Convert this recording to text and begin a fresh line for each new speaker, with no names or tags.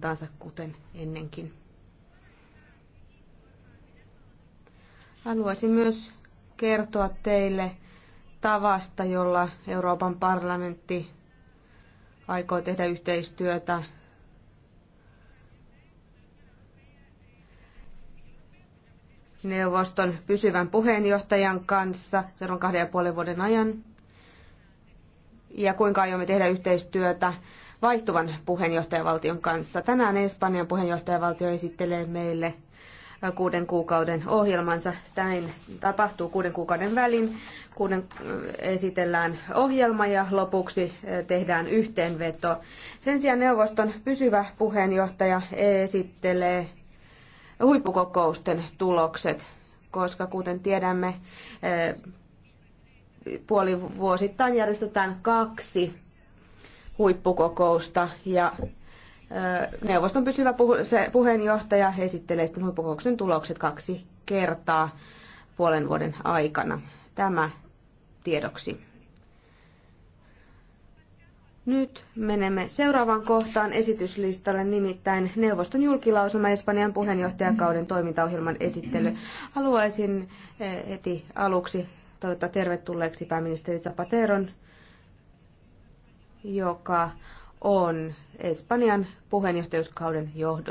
taansa kuten ennenkin. Haluaisin myös kertoa teille tavasta, jolla Euroopan parlamentti aikoo tehdä yhteistyötä neuvoston pysyvän puheenjohtajan kanssa seuraavan kahden ja puolen vuoden ajan. Ja kuinka aiomme tehdä yhteistyötä vaihtuvan puheenjohtajavaltion kanssa. Tänään Espanjan puheenjohtajavaltio esittelee meille äh, kuuden kuukauden ohjelmansa. Tämä tapahtuu kuuden kuukauden välin. Kuuden äh, esitellään ohjelma ja lopuksi äh, tehdään yhteenveto. Sen sijaan neuvoston pysyvä puheenjohtaja esittelee huippukokousten tulokset, koska kuten tiedämme, puolivuosittain järjestetään kaksi huippukokousta ja neuvoston pysyvä puheenjohtaja esittelee sitten huippukokouksen tulokset kaksi kertaa puolen vuoden aikana. Tämä tiedoksi. Nyt menemme seuraavaan kohtaan esityslistalle, nimittäin neuvoston julkilausuma Espanjan puheenjohtajakauden toimintaohjelman esittely. Haluaisin eh, heti aluksi toivottaa tervetulleeksi pääministeri Zapateron joka on Espanjan puheenjohtajuuskauden johdosta.